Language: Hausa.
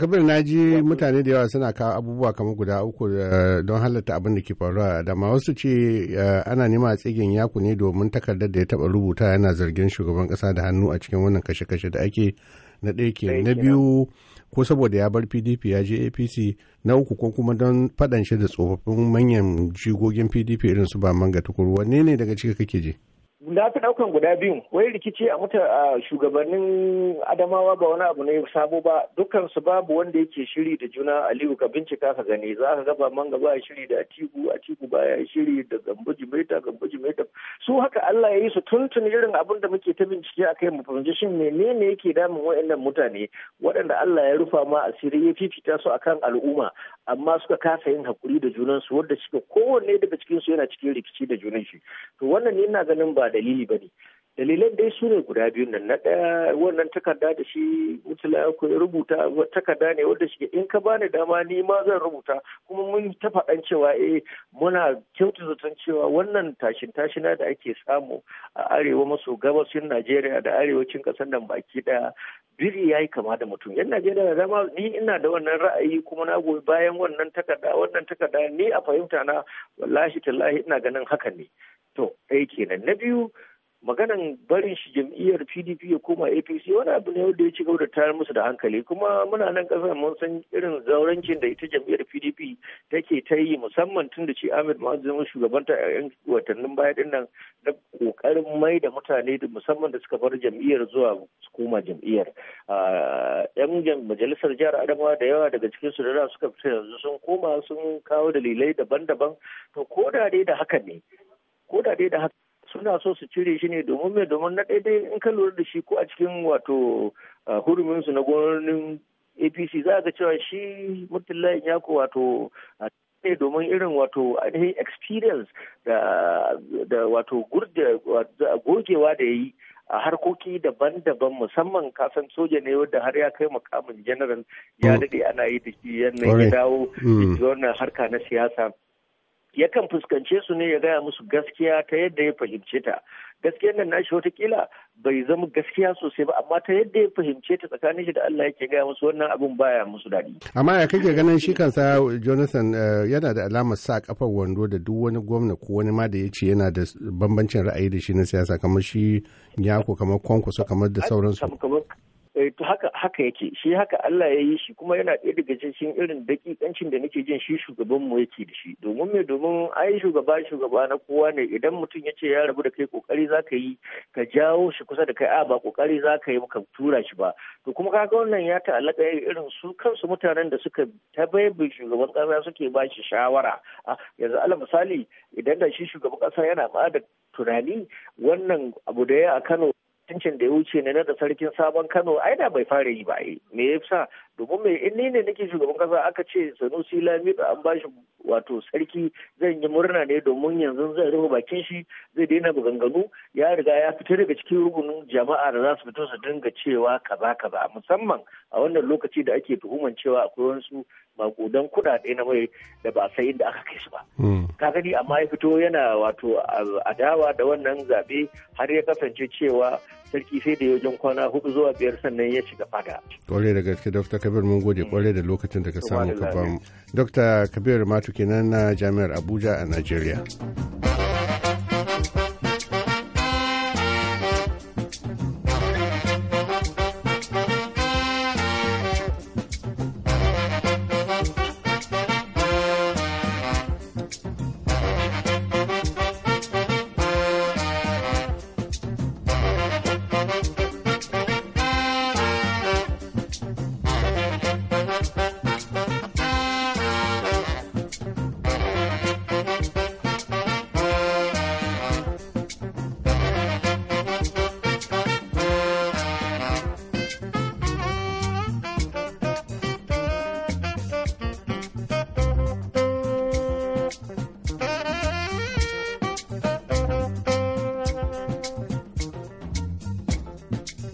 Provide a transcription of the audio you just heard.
kabir na ji mutane da yawa suna kawo abubuwa kamar guda uku eh, don halatta abin da ke faruwa da ma wasu ce eh, ana nema tsigin yaku ne domin takardar da ya taba rubuta yana zargin shugaban kasa da hannu a cikin wannan kashe-kashe da ake na ɗaya ke na biyu ko saboda ya bar pdp ya je apc na uku ko kuma don faɗan shi da tsofaffin manyan jigogin pdp irin su ba manga tukuru wanne ne daga ciki kake je na fi daukan guda biyu wai rikici a mutu a shugabannin adamawa ba wani abu ne sabo ba dukkan su babu wanda yake shiri da juna aliyu ka bincika ka gani za ka gaba manga ba shiri da atiku atiku baya shiri da gambo jimaita gambo jimaita su haka Allah ya yi su tuntun irin abin da muke ta bincike a kai mu fahimci shin menene yake damun waɗannan mutane waɗanda Allah ya rufa ma asiri ya fifita su akan al'umma amma suka kasa yin hakuri da junan su wanda suka kowanne daga cikin su yana cikin rikici da junan shi to wannan ne ina ganin ba dalili bane dalilan dai su ne guda biyu nan na ɗaya wannan takarda da shi mutula ya rubuta takarda ne wanda shi in ka bani dama ni ma zan rubuta kuma mun ta faɗan cewa eh muna kyautu zaton cewa wannan tashin tashina da ake samu a arewa maso gabashin najeriya da arewacin ƙasar nan baki ɗaya biri ya yi kama da mutum yan najeriya da dama ni ina da wannan ra'ayi kuma na goyi bayan wannan takarda wannan takarda ni a fahimta na wallahi tallahi ina ganin haka ne to ɗaya kenan na biyu maganan barin shi jam'iyyar pdp ya koma apc wani abu ne wanda ya ci gaba da tayar musu da hankali kuma muna nan kasar mun san irin zaurancin da ita jam'iyyar pdp take ta yi musamman tun da shi ahmed ma'azu zama shugabanta a yan watannin baya din nan na kokarin mai da mutane da musamman da suka bar jam'iyyar zuwa su koma jam'iyyar yan majalisar jihar adamawa da yawa daga cikin su da suka fita yanzu sun koma sun kawo dalilai daban-daban to ko da dai da haka ne ko da dai da haka suna so su cire shi ne domin mai domin na ɗaya in ka lura da shi ko a cikin wato huruminsu na gwamnatin apc za ga cewa shi ya ko wato ne domin irin wato ainihin experience da wato gogewa da ya yi a harkoki daban-daban musamman kasan soja ne wadda har ya kai makamin general ya mm. daɗe ana yi da shi yanayi dawo mm. wannan harka na siyasa yakan fuskance su ne ya gaya musu gaskiya ta yadda ya fahimce ta gaskiyar nan nashi watakila bai zama gaskiya sosai ba amma ta yadda ya fahimce ta tsakanin shi da Allah yake gaya musu wannan abun baya musu daɗi. amma ya kake ganin shi kansa jonathan eh, yana da alamar sa kafar wando da duk wani gwamna ko wani ma da ya ce yana da bambancin ra'ayi da shi na siyasa kamar shi nyako kamar kwankwaso kamar da sauransu Eh, to haka haka yake shi haka Allah ya yi shi kuma yana ɗaya daga cikin irin dakikancin da nake jin shi shugaban mu yake da shi domin me domin ai shugaba shugaba na kowa ne idan mutum ya ce ya rabu da kai kokari zaka yi ka jawo shi kusa da kai a ba kokari zaka yi ka tura shi ba to kuma kaga wannan ya ta'allaka irin su kansu mutanen da suka tabaibi shugaban kasa suke ba shi shawara ah, yanzu ala misali idan da shi shugaban kasa yana ba da tunani wannan abu da ya a Kano yancin da ya wuce na da sarkin sabon Kano ai da bai fara yi ba yi me ya sa domin me in ni ne nake shugaban kasa aka ce Sanusi Lamido an ba shi wato sarki zan yi murna ne domin yanzu zai rufe bakin shi zai daina maganganu ya riga ya fita daga cikin rukunin jama'a da za su fito su dinga cewa kaza kaza musamman a wannan lokaci da ake tuhuman cewa akwai wasu makudan kuɗaɗe na mai da ba sai inda aka kai su ba. Hmm. Ka gani amma ya fito yana wato adawa da wannan zaɓe har ya kasance cewa sarki sai da wajen kwana hudu zuwa biyar sannan ya shiga faga. Kwarai da gaske dokta Kabir mun gode mm. kwarai da lokacin da ka samu ka bamu. dokta Kabir Matu kenan na Jami'ar Abuja a Najeriya.